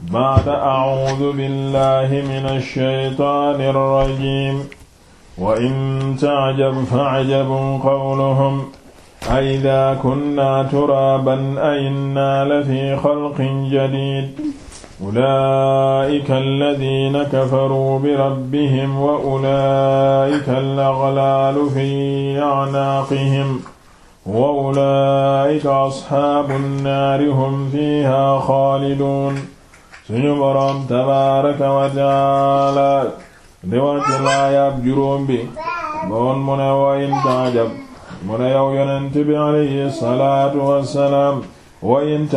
baada acuudu billahi mina shaytaani rajiim wa in tacjab facjabun qawluhum a idaa kunnaa turaaban a innaa lafii xalqin jadiid ulaa'ika alladiina kafaruu birabbihim wa ulaa'ika al-aghlaalu fii acnaaqihim wa ulaa'ika asxaabu nnaari hum fiihaa xaaliduun suñu boroom tabaaraka wa taala di wax laayaab juróom bi boon mu ne wa in mu ne yow yonent bi alayhi salaatu wassalaam wa in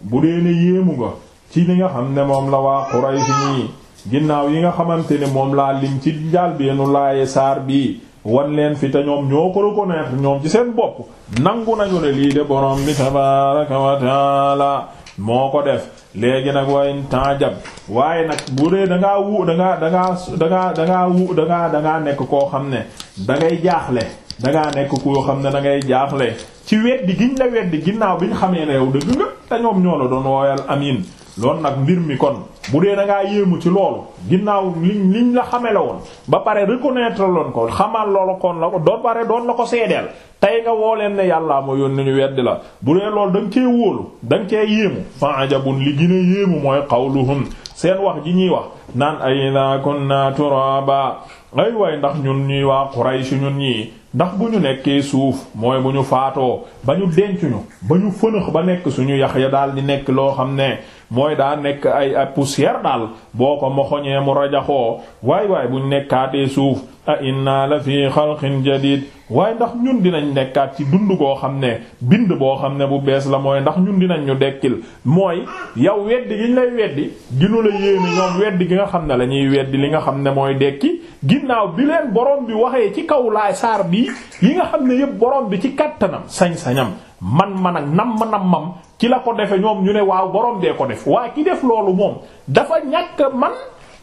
bu dee ne yéemu nga ci li nga xam ne moom la waa Quraysi ñii ginnaaw yi nga xamante ne moom laa lim ci njaal beenu laaye saar bii wan leen fi te ñoom ñoo ko reconnaître ñoom ci seen bopp nangu nañu ne lii de boroom bi tabaaraka wa taala moo ko def léegi nag wa in ta'jab waaye nag bu dee da ngaa wu da ngaa da ngaa da ngaa da nekk koo xam ne da ngay jaaxle da ngaa nekk koo xam ne da ngay jaaxle ci weddi giñ la weddi ginnaaw bi ñu xamee ne yow dëgg nga te ñoom ñoo la doon wooyal amin loolu nag mbir mi kon bu dee da ngaa yéemu ci loolu ginnaaw liñ liñ la xamee la woon ba pare reconnaître loon ko xamal loola kon la ko doon pare doon la ko seedeel tey nga woo leen ne yàllaa ma yónni ñu weddi la bu dee loolu da nga cee wóolu da nga cee yéemu fa ajabun li gën a yéemu mooy qawluhum seen wax ji ñuy wax naan ay ida kunna turaba ay way ndax ñun ñuy waa Quraysh ñun yii ndax bu ñu nekkee suuf mooy bu ñu faatoo ba ñu denc ñu ba ñu fënax ba nekk suñu yax ya daal di nekk loo xam ne mooy daa nekk ay ay poussière daal boo ko moxoñee mu rajaxoo waay waay bu ñu nekkaatee suuf a inna la fi xalqin jadid waaye ndax ñun dinañ nekkaat ci dund goo xam ne bind boo xam ne bu bees la mooy ndax ñun dinañ ñu dekkil mooy yow weddi gi ñu lay weddi ginu la yéene ñoom weddi gi nga xam ne lañuy ñuy weddi li nga xam ne mooy dekki ginnaaw bi leen boroom bi waxee ci kaw laay saar bii yi nga xam ne yëpp borom bi ci kattanam sañ-sañam man-man ak namm-nammam ci la ko defe ñoom ñu ne waaw borom dee ko def waaye ki def loolu moom dafa ñàkk man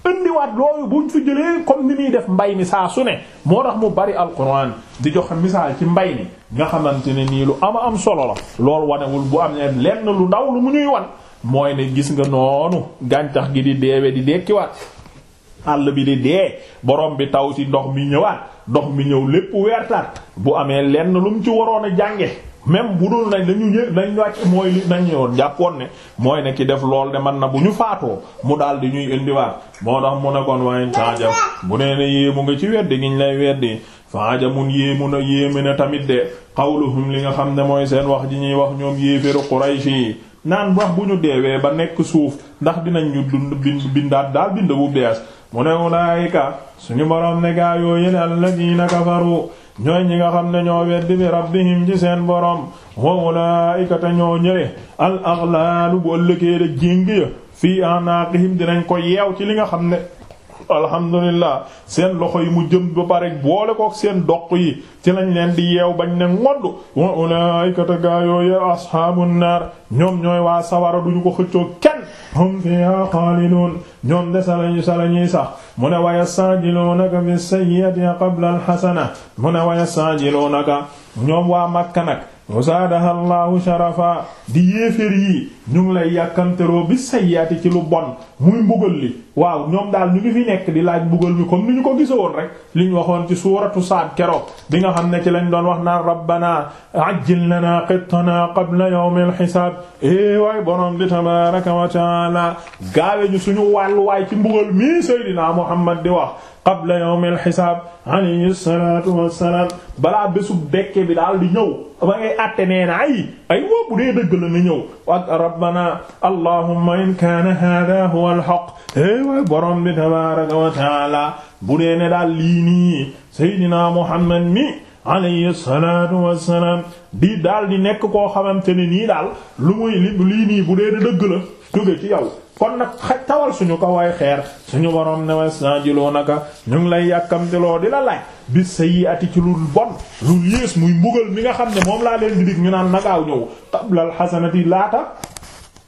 indiwaat loolu buñ fi jëlee comme ni muy def mbay mi saa su ne moo tax mu bari alquran di joxe misaal ci mbay mi nga xamante ne nii lu ama am solo la loolu wanewul bu am lenn lu ndaw lu mu ñuy wan mooy ne gis nga noonu gàncax gi di deewe di dekkiwaat àll bi di dee borom bi taw ci ndox mi ñëwaat ndox mi ñëw lépp weertaat bu amee lenn lu mu ci waroon a jànge même bu doon nañ dañu ñë nañ wàcc mooy li nañ yoon jàppoon ne mooy ne def lool de man na bu ñu faatoo mu daal di ñuy indiwaat moo tax mu ne kon waaye taajam bu ne mu nga ci weddi giñ lay weddi faajamun yéemu na yéeme na tamit de qawluhum li nga xam ne mooy seen wax ji ñuy wax ñoom yéeféru Quraysh yi naan wax bu ñu deewee ba nekk suuf ndax dinañ ñu dund bind bindaat daal bind bu bees mu ne ulaayika suñu boroom ne gaa yoo yéne alladina ñooy ñi nga xam ne ñoo weddi bi rabbihim ci seen borom wa ulaa'ika te ñoo ñële al aghlaalu bu ëllëgee de jéng ya fii anaaqihim dinañ ko yeew ci li nga xam ne alhamdulillah seen loxo yi mu jëm ba pare boole kook seen doq yi ci lañ leen di yeew bañ ne ngodd wa ulaayika te gaayooye ashaabun naar ñoom ñooy waa sawara duñu ko xëccoo kenn hum fiha xaaliduun ñoom de sa lañu sa lañuy sax mu ne wa yastaajiluunaka bis sayyi'ati qabla al hasana mu ne wa yastaajiluunaka ñoom waa Makka nag wasaadaha allahu sharafa di yéeféer yi ñu lay yàkkamteroo bi sayyaati ci lu bon muy mbugal li waaw ñoom daal ñu ngi fi nekk di laaj mbugal mi comme ni ñu ko gisa woon rek liñ waxoon ci suuratu saad keroog bi nga xam ne ci lañ doon wax naan rabbana ajjil lana qittana qabla yawmil xisaab e waay borom bi tabaraka wa taala gaawe ñu suñu wàllu waay ci mbugal mi seydina muhammad di wax qabla yawmil xisaab alayhi salaatu wassalaam balaa bésub dekke bi dal di ñëw ba ngay àtte nee na ay ay woo bu dee dëgg la na ñëw ak rabbana in kaana haadaa huwa alhaq hey waay borom bi tabaaraka wa taala bu dee ne daal lii nii seydinaa muhammad mi alayhi salaatu wassalaam di daal di nekk ko xamante ne nii daal lu muy lii nii bu dee dëgg la jóge ci yow kon nag xaj tawal suñu ko way xeer suñu borom ne wastanjilunaka ñu ngi lay yàkkamtiloo di la laaj bi sayyi'ati ci lu bon lu yées muy mbugal mi nga xam ne moom laa leen di dig ñu naan nagaaw ñëw qablal hasanati laata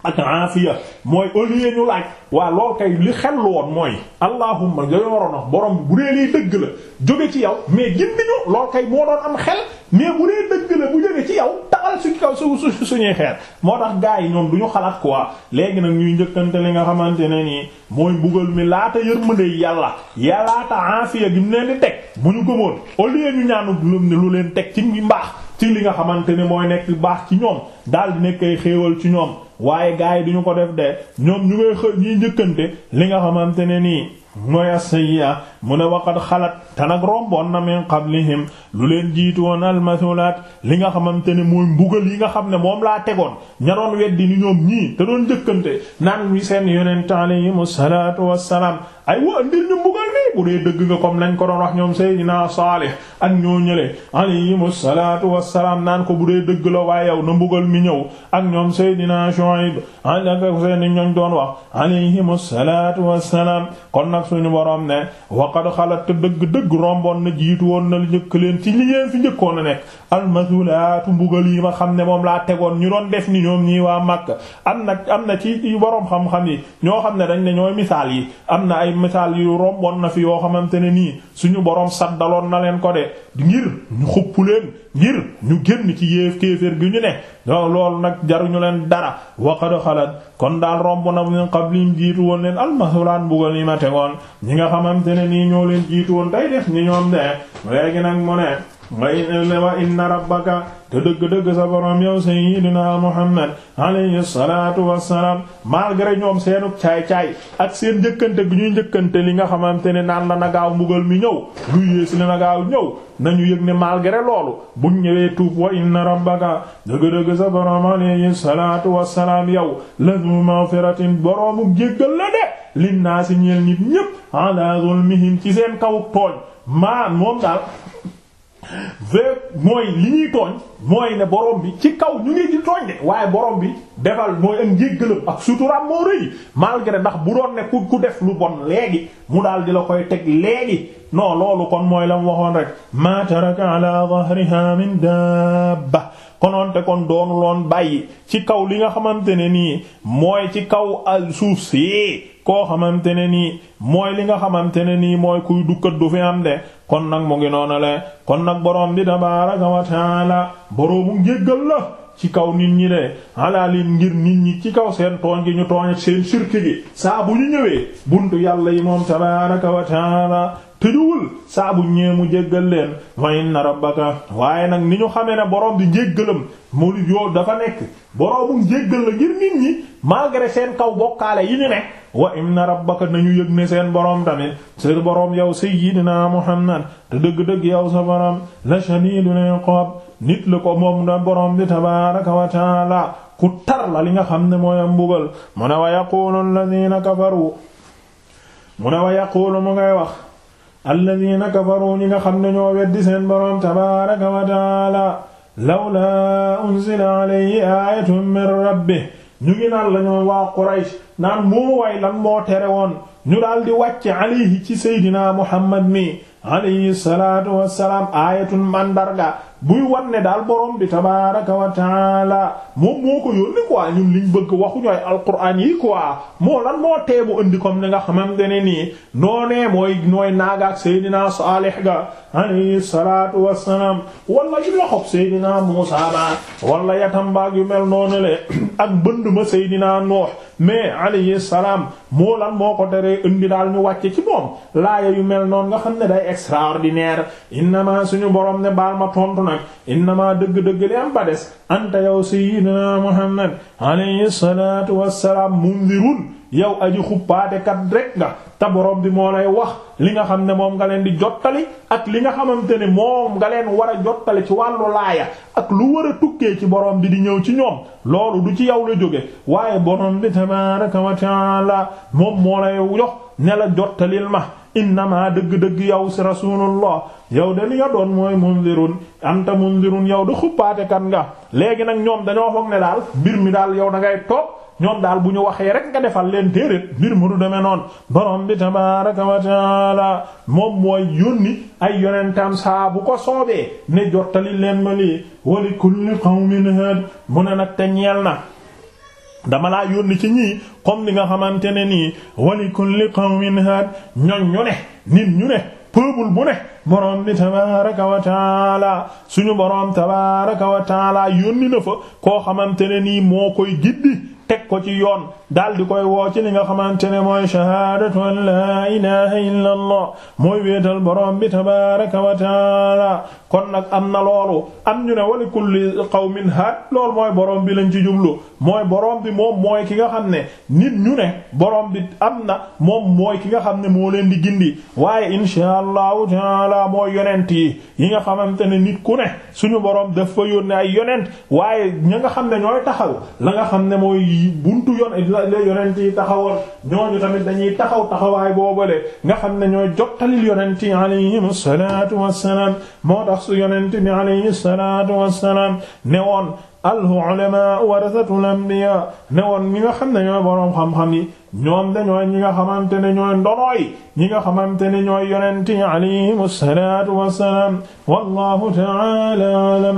ak aafiya mooy au lieu ñu laaj waa lool kay li xel woon mooy allahumma nga waroon a borom bu dee lii dëgg la jóge ci yow mais gindi ñu lool kay moo doon am xel mais bu dee dëgg la bu jóge ci yow taxal suñ kaw su suñuy xeer moo tax gars yi ñoom du ñu xalaat quoi léegi nag ñuy njëkkante li nga xamante ne nii mooy mbugal mi laata yërmande yàlla yàllaata aafiya gi mu leen di teg bu ñu gëmoon au lieu ñu ñaanu lu leen teg ci mbaax. ci li nga xamante ne mooy nekk baax ci ñoom daal di nekk ay xéewal ci ñoom waaye gars yi duñu ko def de ñoom ñu ngay xë ñiy njëkkante li nga xamante ne nii mooy as mu ne waqad xalat te nag romboon na min qablihim lu leen jiitu woon almasulaat li nga xamante ne mooy mbugal yi nga xam ne moom laa tegoon ña doon weddi ni ñoom ñii te doon njëkkante naan wi seen yonent alayhimu salaatu wassalaam ay wa ndir ñu mbugal nii bu dee dëgg nga comme nañ ko doon wax ñoom Seydina Saalih ak ñoo ñële alayhimu salaatu wassalaam naan ko bu dee dëgg la waaye yow na mbugal mi ñëw ak ñoom Seydina Shuayb ak seen ñooñ doon wax alayhimu salaatu waqad xalat te dëgg-dëgg romboon na jiitu woon na lu njëkk leen ci li ngeen fi njëkkoon a nekk almasulaatu mbugal yi ma xam ne moom laa tegoon ñu doon def ni ñoom ñii waa Makka am na am na ci boroom xam-xam yi ñoo xam ne dañ ne ñooy misaal yi am na ay misaal yu romboon na fi yoo xamante ne nii suñu boroom saddaloon na leen ko de ngir ñu xupp leen ngir ñu génn ci yéef kéeféer gi ñu ne donc loolu nag jaruñu leen dara waqad xalat kon daal romb na mu min qablihim jiitu woon leen almasulaan buggal yi ma tegoon ñi nga xamante ne nii ñoo leen jiitu woon day def ni ñoom de léegi nag mu ne wa inna rabbaka te dëgg-dëgg sa borom yow sayyidina Muhammad alayhi salaatu wassalaam malgré ñoom seenu caay-caay ak seen njëkkante bi ñuy njëkkante li nga xamante ne naan la na gaaw mbugal mi ñëw lu yées li na gaaw ñëw nañu yëg ne malgré loolu buñ ñëwee tuub wa inna rabbaka dëgg-dëgg sa borom alayhi salaatu wassalaam yow lazu maghfiratin boroomu jéggal la de linnaasi ñeel nit ñépp ala zulmihim ci seen kaw tooñ ma moom mooy li ñuy tooñ mooy ne borom bi ci kaw ñu ngi di tooñ de waaye borom bi defal mooy ak njéggalam ak suturaam moo rëy malgré ndax bu doon ne ku ku def lu bon léegi mu dal di la koy teg léegi non loolu kon mooy la mu waxoon rek ma taraka ala dhahriha min dabba te kon loon bàyyi ci kaw li nga xamante ne nii mooy ci kaw a suuf si koo xamante ne nii mooy li nga xamante ne nii mooy kuy dukkat du fi am de kon nag mu ngi noonu la kon nag borom bi tabaaraka wa taala boroomu njéggal la ci kaw nit ñi de ala leen ngir nit ñi ci kaw seen tooñ gi ñu tooñ ak seen sirki gi saa ñu ñëwee buntu yàlla yi moom tabaaraka wa tëjuwul saa bu mu jéggal leen wa inna rabbaka waaye nag ni ñu xamee na boroom bi njéggalam mu yoo dafa nekk boroomu njéggal la ngir nit ñi malgré seen kaw bokkaale yi ñu ne wa inna rabbaka nañu yëg ne seen borom tamit seen borom yow sayyidina muhammad te dëgg-dëgg yow sa borom la shadidul iqab nit la ko moom na borom bi tabaraka wa taala ku tar la li nga xam ne mooy am mbugal mu ne wa yaqulu alladhina kafaru mu ne wa yaqulu mu wax alladina kafaru ñi nga xam ne ñoo weddi seen boroom tabaaraka wa taala lawlaa unzila alayhi aayatun min rabbih ñu ngi naan la waa Quraysh naan moo way lan moo tere woon ñu daal di wàcce alayhi ci seydina Muhammad mi alayhi salaatu wassalaam aayatun mandarga buy wan ne daal borom bi tabaaraka wa taala moom moo ko yónni quoi ñun liñ bëgg waxuñu ay alquran yi quoi moo lan moo teemu indi comme ni nga xamante ne nii noonee mooy nooy naagaak Seydina Saalih ga alayhi salaatu wassalaam wala yu loxob Seydina Muusaa ba wala yatambaak yu mel noonu le ak mbënd ma Seydina Nuux mais alayhi salaam moo lan moo ko teree indi daal ñu wàcce ci moom laaya yu mel noonu nga xam ne day extraordinaire innama suñu borom ne baal ma tontu nag innama dëgg-dëgg li ba des anta yow Seydina Muhammad alayhi salaatu wassalaam mundirun yow aji xuppaatekat rek nga te borom bi moo lay wax li nga xam ne moom nga leen di jottali ak li nga xamante ne moom nga leen war a jottali ci wàllu laaya ak lu war a tukkee ci boroom bi di ñëw ci ñoom loolu du ci yow la jóge waaye borom bi ma wa la moom moo lay jox ne la jottalil ma innama dëgg-dëgg yow si rasulullah yow de li nga doon mooy mundirun anta mundirun yow de xuppaatekat nga léegi nag ñoom dañoo foog ne daal mbir mi daal yow da toog ñoom daal bu ñu waxee rek nga defal leen déedéet mbir mu du demee noonu borom bi tabaaraka wa taala moom mooy yónni ay yonentam saa bu ko soobee ne jottali leen ma lii wa kulli qawmin haad mu ne nag te ñeel na dama laa yónni ci ñii comme ni nga xamante ne nii wa li kulli qawmin haad ñoñ ne nit ñu ne peuple bu ne borom bi tabaraka wa taala suñu borom tabaraka yónni na fa koo xamante ne nii moo koy giddi teg ko ci yoon daal di koy woo ci li nga xamante ne mooy shahaadatu an laa ilaha illa allah mooy wéetal boroom bi tabaraka wa taala kon nag am na loolu am ñu ne wali kulli qawmin haat loolu mooy boroom bi lañ ci jublu mooy boroom bi moom mooy ki nga xam ne nit ñu ne borom bi am na moom mooy ki nga xam ne moo leen di gindi waaye insha allahu taala mooy yonent yi yi nga xamante ne nit ku suñu borom daf fa yónne ay xam ne ñooy taxaw la nga xam ne mooy yi buntu yon la yonent yi taxawal ñooñu tamit dañuy taxaw taxawaay boobale nga xam ne ñooy jottalil yonent yi alayhim salaatu wassalaam moo tax su yonent bi alayhi salaatu wassalaam ne woon al-ulamaa warasatul anbiyaa ne woon ñi nga xam ne ñooy boroom xam-xam yi ñoom dañooy ñi nga ne ñooy ndonooy ñi nga xamante ne ñooy yonent ta'ala a'lam